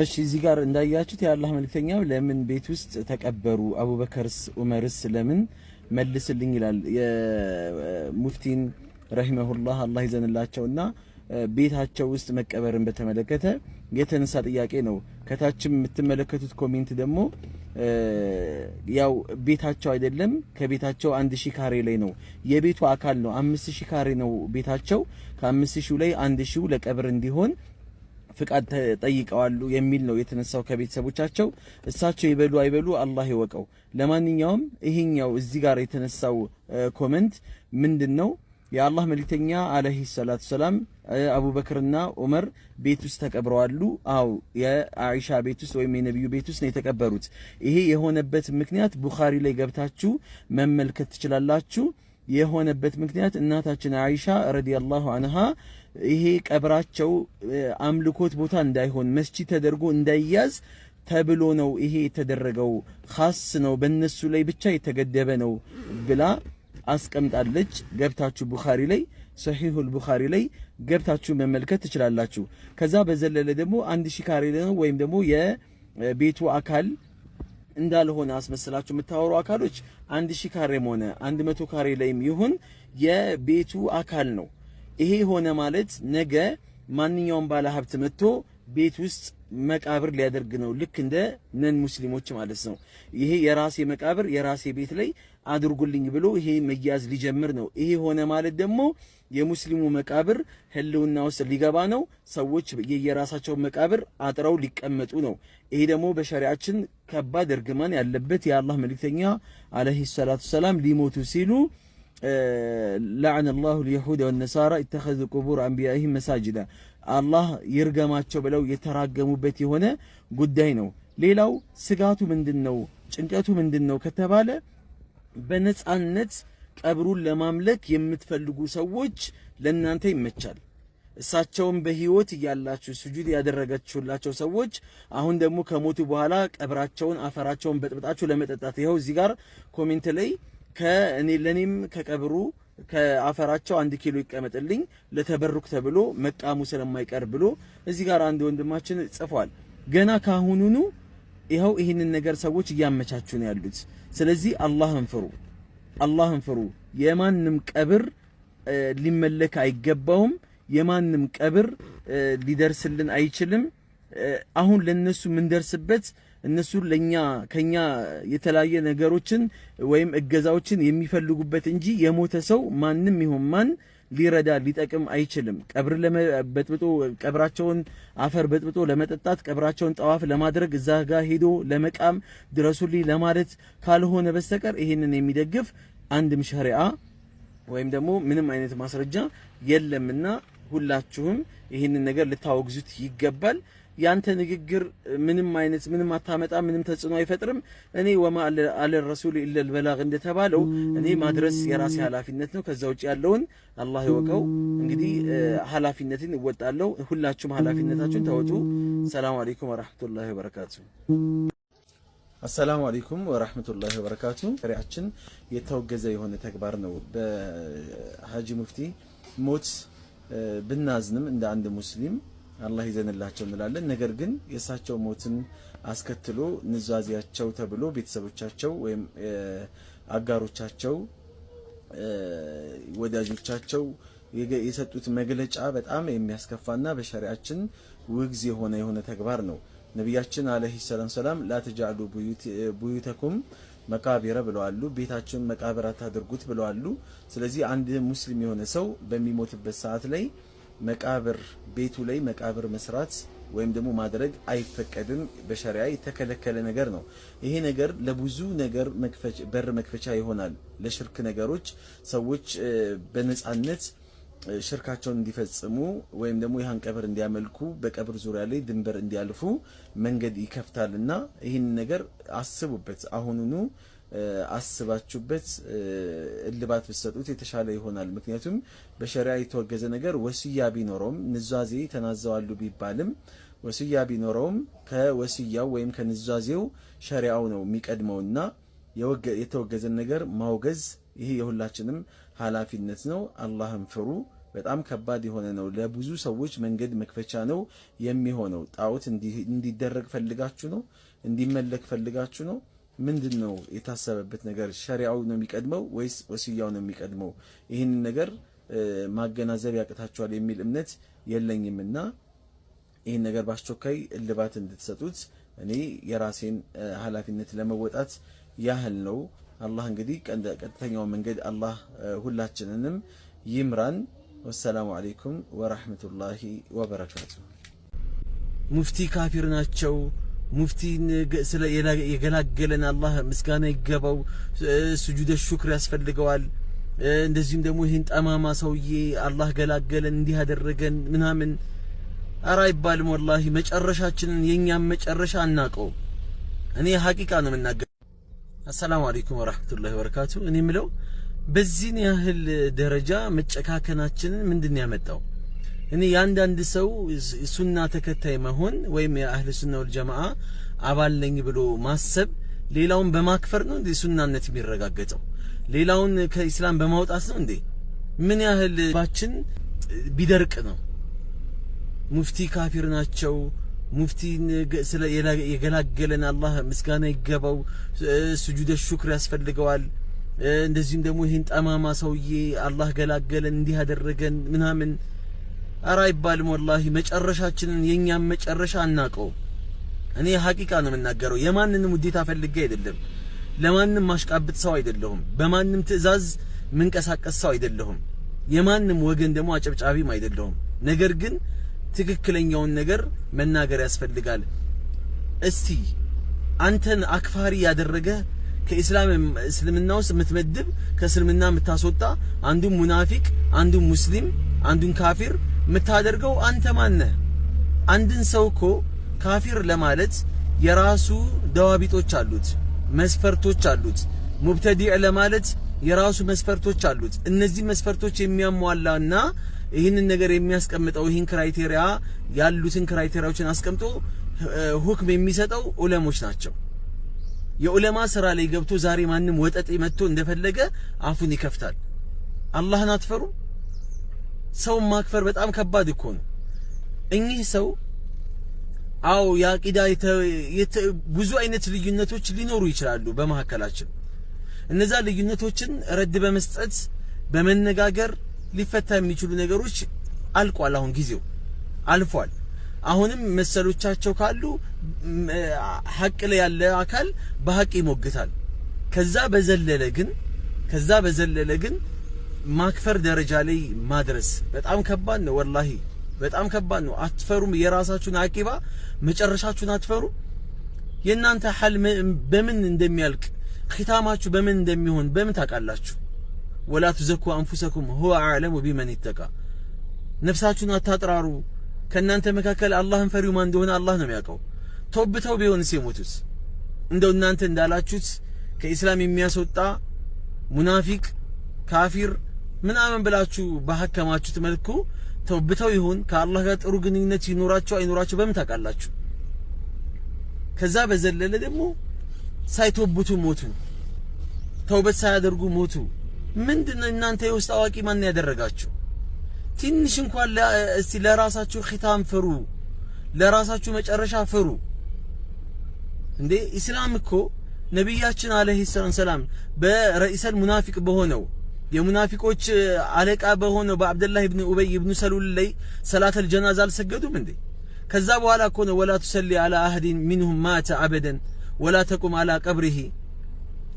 እሺ እዚህ ጋር እንዳያችሁት የአላህ መልክተኛ ለምን ቤት ውስጥ ተቀበሩ? አቡበከርስ ዑመርስ ለምን መልስልኝ ይላል። የሙፍቲን ረሂመሁላህ አላህ ይዘንላቸውና ቤታቸው ውስጥ መቀበርን በተመለከተ የተነሳ ጥያቄ ነው። ከታችም የምትመለከቱት ኮሜንት ደግሞ ያው ቤታቸው አይደለም ከቤታቸው አንድ ሺህ ካሬ ላይ ነው የቤቱ አካል ነው። አምስት ሺህ ካሬ ነው ቤታቸው። ከአምስት ሺው ላይ አንድ ሺው ለቀብር እንዲሆን ፍቃድ ጠይቀዋሉ የሚል ነው የተነሳው ከቤተሰቦቻቸው። እሳቸው ይበሉ አይበሉ አላህ ይወቀው። ለማንኛውም ይሄኛው እዚህ ጋር የተነሳው ኮመንት ምንድን ነው? የአላህ መልእክተኛ አለይሂ ሰላቱ ሰላም አቡበክርና ዑመር ቤት ውስጥ ተቀብረዋሉ። አው የአይሻ ቤት ውስጥ ወይም የነቢዩ ቤት ውስጥ ነው የተቀበሩት። ይሄ የሆነበት ምክንያት ቡኻሪ ላይ ገብታችሁ መመልከት ትችላላችሁ። የሆነበት ምክንያት እናታችን አይሻ ረዲየላሁ አንሃ ይሄ ቀብራቸው አምልኮት ቦታ እንዳይሆን መስጂድ ተደርጎ እንዳይያዝ ተብሎ ነው ይሄ የተደረገው። ኻስ ነው በእነሱ ላይ ብቻ የተገደበ ነው ብላ አስቀምጣለች። ገብታችሁ ቡኻሪ ላይ ሰሂሁል ቡኻሪ ላይ ገብታችሁ መመልከት ትችላላችሁ። ከዛ በዘለለ ደግሞ አንድ ሺህ ካሬ ነው ወይም ደግሞ የቤቱ አካል እንዳልሆነ አስመስላችሁ የምታወሩ አካሎች አንድ ሺህ ካሬም ሆነ አንድ መቶ ካሬ ላይም ይሁን የቤቱ አካል ነው። ይሄ ሆነ ማለት ነገ ማንኛውም ባለ ሀብት መጥቶ ቤት ውስጥ መቃብር ሊያደርግ ነው። ልክ እንደ ነን ሙስሊሞች ማለት ነው። ይሄ የራሴ መቃብር የራሴ ቤት ላይ አድርጉልኝ ብሎ ይሄ መያዝ ሊጀምር ነው። ይሄ ሆነ ማለት ደግሞ የሙስሊሙ መቃብር ህልውና ውስጥ ሊገባ ነው። ሰዎች የየራሳቸውን መቃብር አጥረው ሊቀመጡ ነው። ይሄ ደግሞ በሸሪያችን ከባድ እርግማን ያለበት የአላህ መልክተኛ አለይሂ ሰላቱ ሰላም ሊሞቱ ሲሉ ለዐነ ላሁ ልየሁድ ወነሳራ ኢተኸዙ ቁቡር አንቢያኢሂም መሳጅዳ አላህ ይርገማቸው ብለው የተራገሙበት የሆነ ጉዳይ ነው። ሌላው ስጋቱ ምንድን ነው? ጭንቀቱ ምንድን ነው ከተባለ በነፃነት ቀብሩን ለማምለክ የምትፈልጉ ሰዎች ለእናንተ ይመቻል። እሳቸውን በህይወት እያላችሁ ስጁድ ያደረገችሁላቸው ሰዎች አሁን ደግሞ ከሞቱ በኋላ ቀብራቸውን አፈራቸውን በጥብጣችሁ ለመጠጣት ይኸው እዚህ ጋር ኮሜንት ላይ ከእኔ ለኔም ከቀብሩ ከአፈራቸው አንድ ኪሎ ይቀመጥልኝ ለተበሩክ ተብሎ መቃሙ ስለማይቀር ብሎ እዚህ ጋር አንድ ወንድማችን ጽፏል። ገና ካሁኑኑ ይኸው ይህንን ነገር ሰዎች እያመቻቹ ነው ያሉት። ስለዚህ አላህን ፍሩ፣ አላህን ፍሩ። የማንም ቀብር ሊመለክ አይገባውም። የማንም ቀብር ሊደርስልን አይችልም። አሁን ለነሱ የምንደርስበት እነሱ ለኛ ከኛ የተለያየ ነገሮችን ወይም እገዛዎችን የሚፈልጉበት እንጂ የሞተ ሰው ማንም ይሁን ማን ሊረዳ ሊጠቅም አይችልም። ቀብር በጥብጦ ቀብራቸውን አፈር በጥብጦ ለመጠጣት ቀብራቸውን ጠዋፍ ለማድረግ እዛ ጋር ሄዶ ለመቃም ድረሱልኝ ለማለት ካልሆነ በስተቀር ይህንን የሚደግፍ አንድም ሸሪአ ወይም ደግሞ ምንም አይነት ማስረጃ የለምና ሁላችሁም ይህንን ነገር ልታወግዙት ይገባል። ያንተ ንግግር ምንም አይነት ምንም አታመጣ፣ ምንም ተጽዕኖ አይፈጥርም። እኔ ወማ አለ ረሱል ኢለል በላግ እንደተባለው እኔ ማድረስ የራሴ ኃላፊነት ነው። ከዛ ውጭ ያለውን አላህ ይወቀው። እንግዲህ ኃላፊነትን እወጣለሁ። ሁላችሁም ኃላፊነታችሁን ተወጡ። ሰላም አለይኩም ወራህመቱላሂ ወበረካቱ። አሰላሙ አለይኩም ወራህመቱላሂ ወበረካቱ። ሪያችን የተወገዘ የሆነ ተግባር ነው። በሀጂ ሙፍቲ ሞት ብናዝንም እንደ አንድ ሙስሊም አላህ ይዘንላቸው እንላለን። ነገር ግን የእሳቸው ሞትን አስከትሎ ንዛዜያቸው ተብሎ ቤተሰቦቻቸው ወይም አጋሮቻቸው፣ ወዳጆቻቸው የሰጡት መግለጫ በጣም የሚያስከፋና በሸሪያችን ውግዝ የሆነ የሆነ ተግባር ነው። ነቢያችን አለይሂ ሰላም ሰላም ላተጃሉ ቡዩተኩም መቃብረ ብለዋሉ። ቤታችሁን መቃብር አታድርጉት ብለዋሉ። ስለዚህ አንድ ሙስሊም የሆነ ሰው በሚሞትበት ሰዓት ላይ መቃብር ቤቱ ላይ መቃብር መስራት ወይም ደግሞ ማድረግ አይፈቀድም። በሸሪያ የተከለከለ ነገር ነው። ይሄ ነገር ለብዙ ነገር በር መክፈቻ ይሆናል። ለሽርክ ነገሮች ሰዎች በነፃነት ሽርካቸውን እንዲፈጽሙ ወይም ደግሞ ይህን ቀብር እንዲያመልኩ በቀብር ዙሪያ ላይ ድንበር እንዲያልፉ መንገድ ይከፍታል እና ይህን ነገር አስቡበት። አሁኑኑ አስባችሁበት እልባት ብትሰጡት የተሻለ ይሆናል። ምክንያቱም በሸሪያ የተወገዘ ነገር ወስያ ቢኖረውም ንዛዜ ተናዘዋሉ ቢባልም ወስያ ቢኖረውም ከወስያው ወይም ከንዛዜው ሸሪያው ነው የሚቀድመውና የተወገዘን ነገር ማውገዝ ይሄ የሁላችንም ኃላፊነት ነው። አላህን ፍሩ። በጣም ከባድ የሆነ ነው። ለብዙ ሰዎች መንገድ መክፈቻ ነው የሚሆነው። ጣዖት እንዲደረግ ፈልጋችሁ ነው? እንዲመለክ ፈልጋችሁ ነው? ምንድን ነው የታሰበበት ነገር? ሸሪዓው ነው የሚቀድመው ወይስ ወስያው ነው የሚቀድመው? ይህንን ነገር ማገናዘብ ያቅታችኋል የሚል እምነት የለኝምና ይህን ነገር በአስቸኳይ እልባት እንድትሰጡት እኔ የራሴን ኃላፊነት ለመወጣት ያህል ነው። አላህ እንግዲህ ቀጥተኛው መንገድ አላህ ሁላችንንም ይምራን። ወሰላሙ አለይኩም ወራህመቱላሂ ወበረካቱ። ሙፍቲ ካፊር ናቸው። ሙፍቲን የገላገለን አላህ ምስጋና ይገባው። ስጁደ ሹክር ያስፈልገዋል። እንደዚሁም ደግሞ ይህን ጠማማ ሰውዬ አላህ ገላገለን እንዲህ ያደረገን ምናምን አራ ይባልም ወላሂ መጨረሻችንን የእኛም መጨረሻ አናውቀው። እኔ ሀቂቃ ነው የምናገር አሰላሙ አለይኩም ወራህመቱላሂ ወበረካቱ። እኔ የምለው በዚህን ያህል ደረጃ መጨካከናችንን ምንድን ያመጣው? እኔ የአንዳንድ ሰው ሱና ተከታይ መሆን ወይም የአህል ሱና ወል ጀማዓ አባል ነኝ ብሎ ማሰብ ሌላውን በማክፈር ነው እንዴ ሱናነት የሚረጋገጠው? ሌላውን ከኢስላም በማውጣት ነው እንዴ? ምን ያህል ባችን ቢደርቅ ነው ሙፍቲ ካፊር ናቸው ሙፍቲን የገላገለን አላህ ምስጋና ይገባው። ስጁደ ሹክር ያስፈልገዋል። እንደዚሁም ደግሞ ይህን ጠማማ ሰውዬ አላህ ገላገለን እንዲህ ምናምን አራ አይባልም። ወላሂ መጨረሻችንን የእኛም መጨረሻ አናቀው። እኔ ሀቂቃ ነው የምናገረው። የማንንም ውዴታ ፈልጌ አይደለም። ለማንም ማሽቃብጥ ሰው አይደለሁም። በማንም ትዕዛዝ ምንቀሳቀስ ሰው አይደለሁም። የማንም ወገን ደግሞ አጨብጫቢም አይደለሁም። ነገር ግን ትክክለኛውን ነገር መናገር ያስፈልጋል። እስቲ አንተን አክፋሪ ያደረገ ከእስላም እስልምና ውስጥ የምትመድብ ከእስልምና የምታስወጣ አንዱን ሙናፊቅ አንዱን ሙስሊም አንዱን ካፊር የምታደርገው አንተ ማነህ? አንድን ሰው እኮ ካፊር ለማለት የራሱ ደዋቢጦች አሉት፣ መስፈርቶች አሉት። ሙብተዲዕ ለማለት የራሱ መስፈርቶች አሉት። እነዚህ መስፈርቶች የሚያሟላና ይህንን ነገር የሚያስቀምጠው ይህን ክራይቴሪያ ያሉትን ክራይቴሪያዎችን አስቀምጦ ሁክም የሚሰጠው ዑለሞች ናቸው። የዑለማ ስራ ላይ ገብቶ ዛሬ ማንም ወጠጤ መጥቶ እንደፈለገ አፉን ይከፍታል። አላህን አትፈሩ። ሰውን ማክፈር በጣም ከባድ እኮ ነው። እኚህ ሰው አዎ የአቂዳ ብዙ አይነት ልዩነቶች ሊኖሩ ይችላሉ በመካከላችን። እነዛ ልዩነቶችን ረድ በመስጠት በመነጋገር ሊፈታ የሚችሉ ነገሮች አልቋል። አሁን ጊዜው አልፏል። አሁንም መሰሎቻቸው ካሉ ሀቅ ላይ ያለ አካል በሀቅ ይሞግታል። ከዛ በዘለለ ግን ከዛ በዘለለ ግን ማክፈር ደረጃ ላይ ማድረስ በጣም ከባድ ነው። ወላሂ በጣም ከባድ ነው። አትፈሩም? የራሳችሁን አቂባ መጨረሻችሁን አትፈሩ። የእናንተ ሐል በምን እንደሚያልቅ ኺታማችሁ በምን እንደሚሆን በምን ታውቃላችሁ? ወላ ትዘኩ አንፉሰኩም ሁወ አዕለሙ ቢመን ይተቃ። ነፍሳችሁን አታጥራሩ፣ ከእናንተ መካከል አላህን ፈሪው ማን እንደሆነ አላህ ነው የሚያውቀው። ተውብተው ቢሆን የሞቱት እንደው እናንተ እንዳላችሁት ከኢስላም የሚያስወጣ ሙናፊቅ ካፊር ምናምን ብላችሁ ባሐከማችሁት መልኩ ተውብተው ይሆን ከአላህ ጋር ጥሩ ግንኙነት ይኖራቸው አይኖራቸው በምን ታውቃላችሁ? ከዛ በዘለለ ደግሞ ሳይተውብቱ ሞቱ፣ ተውበት ሳያደርጉ ሞቱ። ምንድነው እናንተ የውስጥ አዋቂ ማን ያደረጋችሁ? ትንሽ እንኳን እስቲ ለራሳችሁ ኺታም ፍሩ፣ ለራሳችሁ መጨረሻ ፍሩ። እንዴ ኢስላም እኮ ነቢያችን አለይሂ ሰላም በረኢሰል ሙናፊቅ በሆነው የሙናፊቆች አለቃ በሆነው በአብደላህ ኢብኑ ኡበይ ኢብኑ ሰሉል ላይ ሰላተል ጀናዛ አልሰገዱም እንዴ? ከዛ በኋላ እኮ ነው ወላ ትሰሊ አላ አህዲን ሚንሁም ማተ አበደን ወላ ተቁም አላ ቀብሪሂ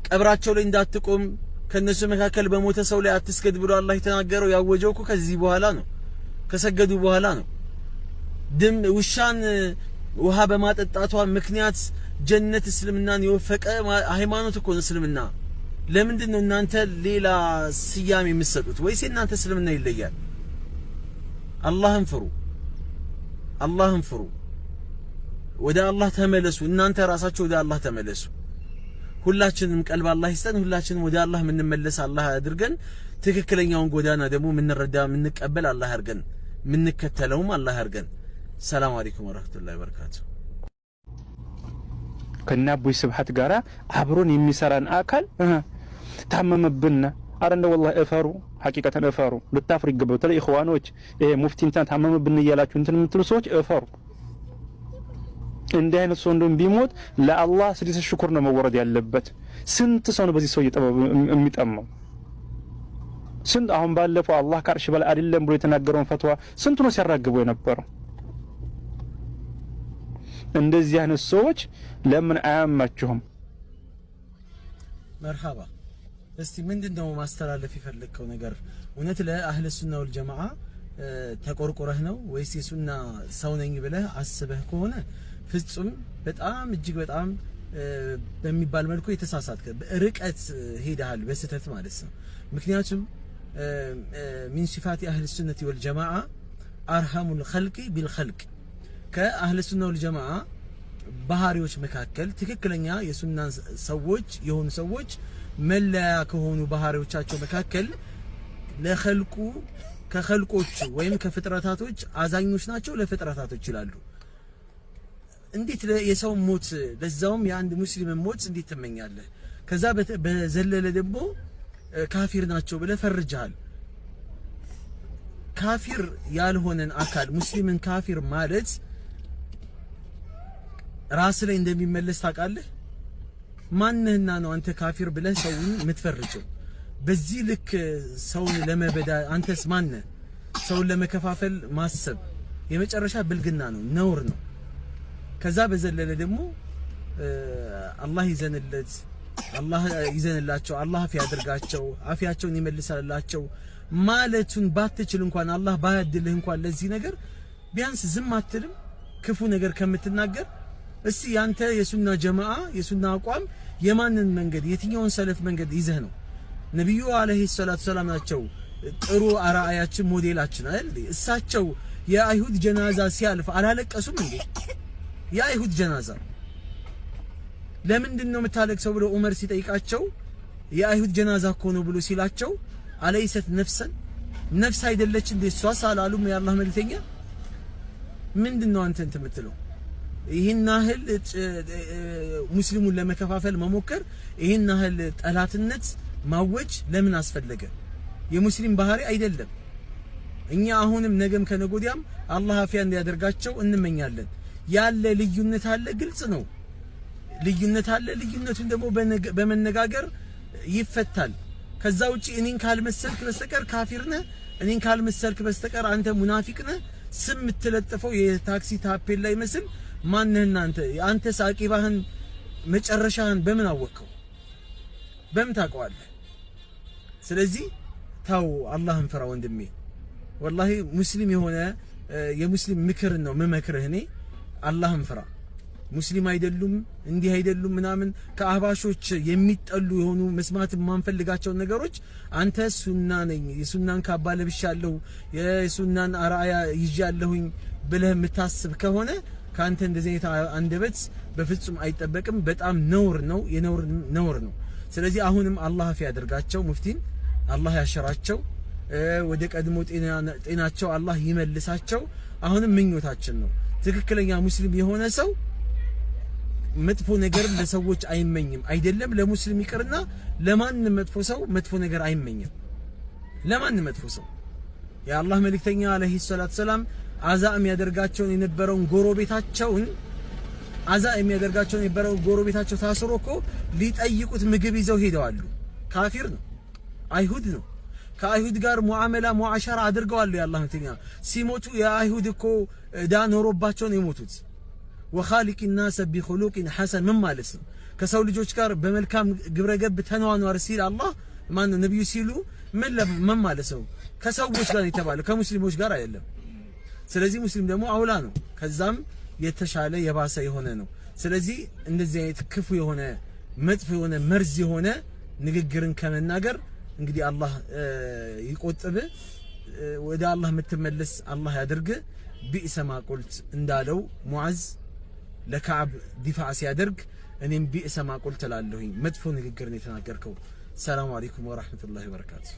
ቀብራቸው ላይ እንዳትቆም ከነሱ መካከል በሞተ ሰው ላይ አትስገድ ብሎ አላህ የተናገረው ያወጀው እኮ ከዚህ በኋላ ነው፣ ከሰገዱ በኋላ ነው። ድም ውሻን ውሃ በማጠጣቷ ምክንያት ጀነት እስልምናን የወፈቀ ሃይማኖት እኮ ነው እስልምና። ለምንድን ነው እናንተ ሌላ ስያሜ የምትሰጡት? ወይስ እናንተ እስልምና ይለያል? አላህን ፍሩ፣ አላህን ፍሩ፣ ወደ አላህ ተመለሱ። እናንተ ራሳችሁ ወደ አላህ ተመለሱ። ሁላችንም ቀልብ አላህ ይስጠን። ሁላችንም ወደ አላህ የምንመለስ አላህ አድርገን ትክክለኛውን ጎዳና ደግሞ የምንረዳ የምንቀበል አላህ አድርገን የምንከተለውም አላህ አድርገን። ሰላም አለይኩም ወራህመቱላሂ ወበረካቱ። ከእነ አቡይ ስብሐት ጋራ አብሮን የሚሰራን አካል ታመመብና አረ እንደ ወላሂ እፈሩ፣ ሐቂቀተን እፈሩ። ልታፍሩ ይገባል። በተለይ ኢኽዋኖች ይሄ ሙፍቲ እንትና ታመመብን እያላችሁ እንትን የምትሉ ሰዎች እፈሩ። እንዲህ አይነት ሰው እንደውም ቢሞት ለአላህ ስድስት ሽኩር ነው መወረድ ያለበት። ስንት ሰው ነው በዚህ ሰው እየጠበብ የሚጠማው? ስንት አሁን ባለፈው አላህ ከአርሽ በላይ አይደለም ብሎ የተናገረውን ፈትዋ ስንቱ ነው ሲያራግበው የነበረው? እንደዚህ አይነት ሰዎች ለምን አያማችሁም? መርሃባ። እስቲ ምንድን ነው ማስተላለፍ የፈለግከው ነገር? እውነት ለአህለ ሱና ወልጀማዓ ተቆርቆረህ ነው ወይስ የሱና ሰው ነኝ ብለህ አስበህ ከሆነ ፍጹም በጣም እጅግ በጣም በሚባል መልኩ የተሳሳትከ ርቀት ሄደሃል በስህተት ማለት ነው። ምክንያቱም ሚን ሲፋት አህል ሱነት ወል ጀማዓ አርሃሙል ኸልቅ ቢል ኸልቅ ከአህል ሱና ወል ጀማዓ ባህሪዎች መካከል ትክክለኛ የሱና ሰዎች የሆኑ ሰዎች መለያ ከሆኑ ባህሪዎቻቸው መካከል ለኸልቁ ከኸልቆቹ ወይም ከፍጥረታቶች አዛኞች ናቸው ለፍጥረታቶች ይላሉ። እንዴት የሰው ሞት ለዛውም የአንድ ሙስሊም ሞት እንዴት ትመኛለህ? ከዛ በዘለለ ደግሞ ካፊር ናቸው ብለህ ፈርጃል ካፊር ያልሆነን አካል ሙስሊምን ካፊር ማለት ራስ ላይ እንደሚመለስ ታውቃለህ። ማንህና ነው አንተ ካፊር ብለህ ሰውን የምትፈርጀው? በዚህ ልክ ሰውን ለመበዳ አንተስ ማነህ? ሰውን ለመከፋፈል ማሰብ የመጨረሻ ብልግና ነው፣ ነውር ነው። ከዛ በዘለለ ደግሞ አላህ ይዘንለት አላህ ይዘንላቸው አላህ አፍ ያድርጋቸው አፊያቸውን ይመልሳላቸው ማለቱን ባትችል እንኳን አላህ ባያድልህ እንኳን ለዚህ ነገር ቢያንስ ዝም አትልም። ክፉ ነገር ከምትናገር እስቲ ያንተ የሱና ጀማአ የሱና አቋም የማንን መንገድ የትኛውን ሰለፍ መንገድ ይዘህ ነው? ነቢዩ አለይሂ ሰላቱ ሰላም ናቸው ጥሩ አርአያችን ሞዴላችን አይደል? እሳቸው የአይሁድ ጀናዛ ሲያልፍ አላለቀሱም እንዴ? የአይሁድ ጀናዛ ለምንድን ነው የምታለቅሰው ብሎ ዑመር ሲጠይቃቸው የአይሁድ ጀናዛ እኮ ነው ብሎ ሲላቸው አለይሰት ነፍሰን ነፍስ አይደለች እንዴ እሷስ አላሉም የአላህ መልእክተኛ ምንድን ነው አንተ እንትን የምትለው ይህን ያህል ሙስሊሙን ለመከፋፈል መሞከር ይህን ያህል ጠላትነት ማወጅ ለምን አስፈለገ የሙስሊም ባህሪ አይደለም እኛ አሁንም ነገም ከነጎዲያም አላህ አፊያ እንዲያደርጋቸው እንመኛለን ያለ ልዩነት አለ፣ ግልጽ ነው። ልዩነት አለ። ልዩነቱን ደግሞ በመነጋገር ይፈታል። ከዛ ውጪ እኔን ካልመሰልክ በስተቀር ካፊር ነህ፣ እኔን ካልመሰልክ በስተቀር አንተ ሙናፊቅ ነህ፣ ስም የምትለጥፈው የታክሲ ታፔል ላይ መስል ማንህና አንተ አንተስ አቂባህን መጨረሻህን በምን አወቀው? በምን ታውቀዋለህ? ስለዚህ ታው አላህን ፍራ ወንድሜ። ወላሂ ሙስሊም የሆነ የሙስሊም ምክርን ነው የምመክርህ እኔ አላህን ፍራ። ሙስሊም አይደሉም እንዲህ አይደሉም ምናምን ከአህባሾች የሚጠሉ የሆኑ መስማት የማንፈልጋቸው ነገሮች አንተ ሱና ነኝ የሱናን ካባ ለብሻለሁ የሱናን አርአያ ይዣለሁኝ ብለህ የምታስብ ከሆነ ከአንተ እንደዚህ አይነት አንደበት በፍጹም አይጠበቅም። በጣም ነውር ነው፣ የነውር ነውር ነው። ስለዚህ አሁንም አላህ አፍ ያደርጋቸው ሙፍቲን፣ አላህ ያሸራቸው፣ ወደ ቀድሞ ጤናቸው አላህ ይመልሳቸው። አሁንም ምኞታችን ነው ትክክለኛ ሙስሊም የሆነ ሰው መጥፎ ነገር ለሰዎች አይመኝም። አይደለም ለሙስሊም ይቅርና ለማንም መጥፎ ሰው መጥፎ ነገር አይመኝም። ለማንም መጥፎ ሰው የአላህ መልእክተኛ አለይሂ ሰላቱ ሰላም አዛ የሚያደርጋቸውን የነበረውን ጎረቤታቸውን አዛ የሚያደርጋቸውን የነበረው ጎረቤታቸው ታስሮ እኮ ሊጠይቁት ምግብ ይዘው ሄደዋሉ። ካፊር ነው፣ አይሁድ ነው። ከአይሁድ ጋር ሙዓመላ ሙዓሸራ አድርገዋል። የአላህ መልእክተኛ ሲሞቱ የአይሁድ እኮ ዕዳ ኖሮባቸውን የሞቱት ወኻሊቂ ናሰ ቢኹሉቂን ሐሰን ምን ማለት ነው? ከሰው ልጆች ጋር በመልካም ግብረገብ ተኗኗር ሲል አላህ ማነው ነብዩ ሲሉ ምን ምን ማለት ነው? ከሰዎች ጋር የተባለ ከሙስሊሞች ጋር አይደለም። ስለዚህ ሙስሊም ደግሞ አውላ ነው። ከዛም የተሻለ የባሰ የሆነ ነው። ስለዚህ እንደዚህ አይነት ክፉ የሆነ መጥፎ የሆነ መርዝ የሆነ ንግግርን ከመናገር እንግዲህ አላህ ይቆጥብ፣ ወደ አላህ የምትመለስ አላህ ያድርግ። ቢእሰማ ቁልት እንዳለው ሙዓዝ ለከዓብ ዲፋ ሲያደርግ እኔም ቢእሰማ ቁልት እላለሁኝ። መጥፎ ንግግር ነው የተናገርከው። ሰላም አለይኩም ወራህመቱላሂ ወበረካቱ።